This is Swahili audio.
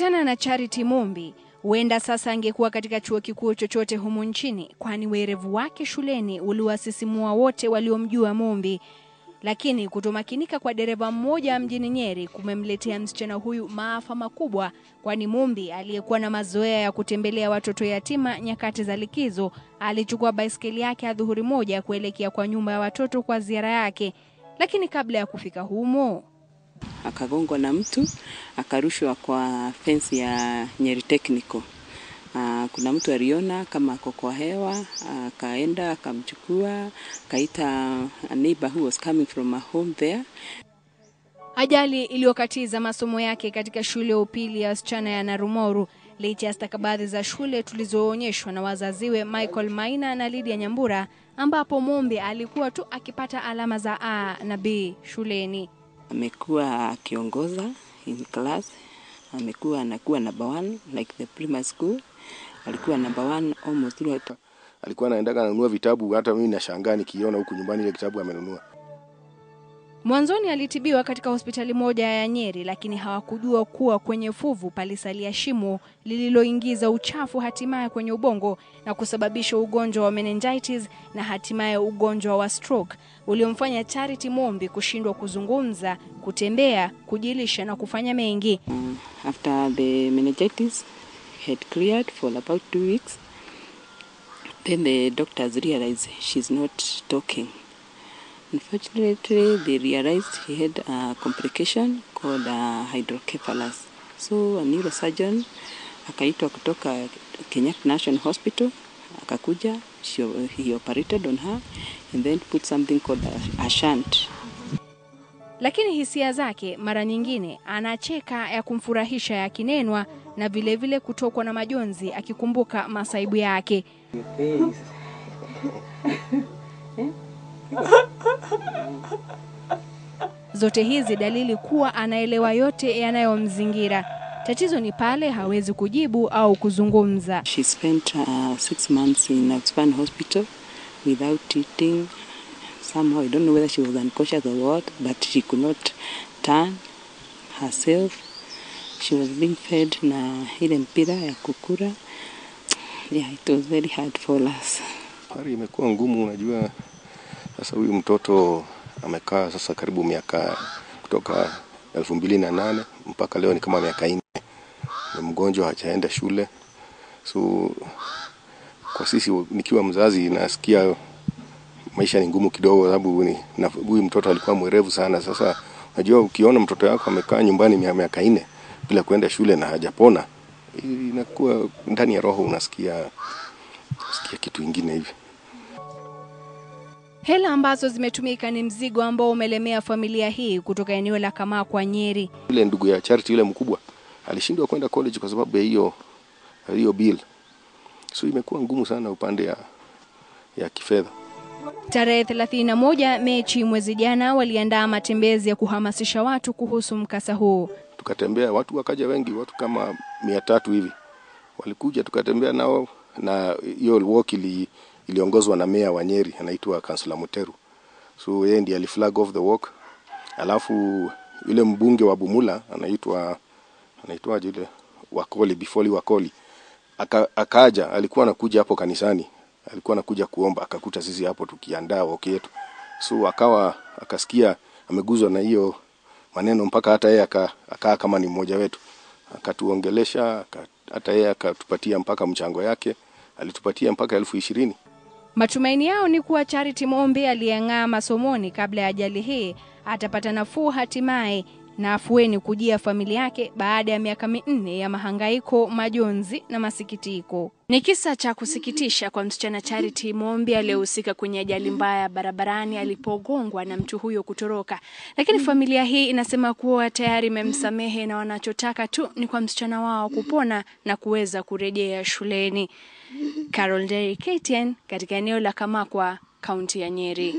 kukutana na Charity Mumbi. Huenda sasa angekuwa katika chuo kikuu chochote humu nchini, kwani werevu wake shuleni uliwasisimua wote waliomjua Mumbi. Lakini kutomakinika kwa dereva mmoja mjini Nyeri kumemletea msichana huyu maafa makubwa, kwani Mumbi aliyekuwa na mazoea ya kutembelea watoto yatima nyakati za likizo alichukua baiskeli yake adhuhuri moja kuelekea kwa nyumba ya watoto kwa ziara yake, lakini kabla ya kufika humo akagongwa na mtu akarushwa kwa fence ya Nyeri Technical. Aa, ah, kuna mtu aliona kama ako kwa hewa akaenda akamchukua akaita a neighbor who was coming from a home there. Ajali iliyokatiza masomo yake katika shule ya upili ya wasichana ya Narumoru licha ya stakabadhi za shule tulizoonyeshwa na wazaziwe Michael Maina na Lydia Nyambura, ambapo mumbi alikuwa tu akipata alama za A na B shuleni amekuwa akiongoza in class, amekuwa anakuwa number one like the primary school, alikuwa number one almost throughout. Alikuwa anaendaga ananunua vitabu, hata mimi nashangaa nikiona huku nyumbani ile kitabu amenunua. Mwanzoni alitibiwa katika hospitali moja ya Nyeri, lakini hawakujua kuwa kwenye fuvu palisalia shimo lililoingiza uchafu hatimaye kwenye ubongo na kusababisha ugonjwa wa meningitis na hatimaye ugonjwa wa stroke uliomfanya Charity Mombi kushindwa kuzungumza, kutembea, kujilisha na kufanya mengi. after the meningitis had cleared for about two weeks then the doctors realized she's not talking Unfortunately, they realized he had a complication called uh, hydrocephalus. So a neurosurgeon akaitwa kutoka Kenyatta National Hospital akakuja, he operated on her and then put something called a, a shunt. Lakini hisia zake mara nyingine anacheka ya kumfurahisha yakinenwa na vile vile kutokwa na majonzi akikumbuka masaibu yake. Zote hizi dalili kuwa anaelewa yote yanayomzingira. Tatizo ni pale hawezi kujibu au kuzungumza. She spent uh, six months in Outspan hospital without eating. Somehow I don't know whether she was unconscious or what, but she could not turn herself. She was being fed na ile mpira ya kukura. Yeah, it was very hard for us. Hali imekuwa ngumu, unajua sasa huyu mtoto amekaa sasa karibu miaka kutoka elfu mbili na nane mpaka leo ni kama miaka nne, ni mgonjwa, hajaenda shule. So kwa sisi, nikiwa mzazi, nasikia maisha ni ngumu kidogo, sababu huyu mtoto alikuwa mwerevu sana. Sasa unajua, ukiona mtoto yako amekaa nyumbani miaka nne bila kuenda shule na hajapona, inakuwa ndani ya roho unasikia, unasikia kitu ingine hivi. Hela ambazo zimetumika ni mzigo ambao umelemea familia hii kutoka eneo la Kamaa kwa Nyeri. Yule ndugu ya Charity yule mkubwa alishindwa kwenda college kwa sababu ya hiyo hiyo bill, so imekuwa ngumu sana upande ya, ya kifedha. Tarehe 31 Mechi mwezi jana waliandaa matembezi ya kuhamasisha watu kuhusu mkasa huu. Tukatembea, watu wakaja wengi, watu kama mia tatu hivi walikuja, tukatembea nao na hiyo walk ili iliongozwa na meya wa Nyeri anaitwa Kansula Muteru. So yeye ndiye aliflag off the walk. Alafu yule mbunge wa Bumula anaitwa anaitwa yule Wakoli Bifoli Wakoli Aka, akaja alikuwa anakuja hapo kanisani, alikuwa anakuja kuomba, akakuta sisi hapo tukiandaa woki yetu, so akawa akasikia ameguzwa na hiyo maneno, mpaka hata yeye akakaa kama ni mmoja wetu, akatuongelesha hata yeye akatupatia mpaka mchango yake, alitupatia mpaka elfu ishirini. Matumaini yao ni kuwa Charity Mombe aliyeng'aa masomoni kabla ya ajali hii atapata nafuu hatimaye na afueni kujia familia yake baada ya miaka minne ya mahangaiko, majonzi na masikitiko. Ni kisa cha kusikitisha kwa msichana Charity Mombi aliyehusika kwenye ajali mbaya barabarani alipogongwa na mtu huyo kutoroka, lakini mm. familia hii inasema kuwa tayari imemsamehe na wanachotaka tu ni kwa msichana wao kupona na kuweza kurejea shuleni. Carol Derry, KTN, katika eneo la Kamakwa, kaunti ya Nyeri.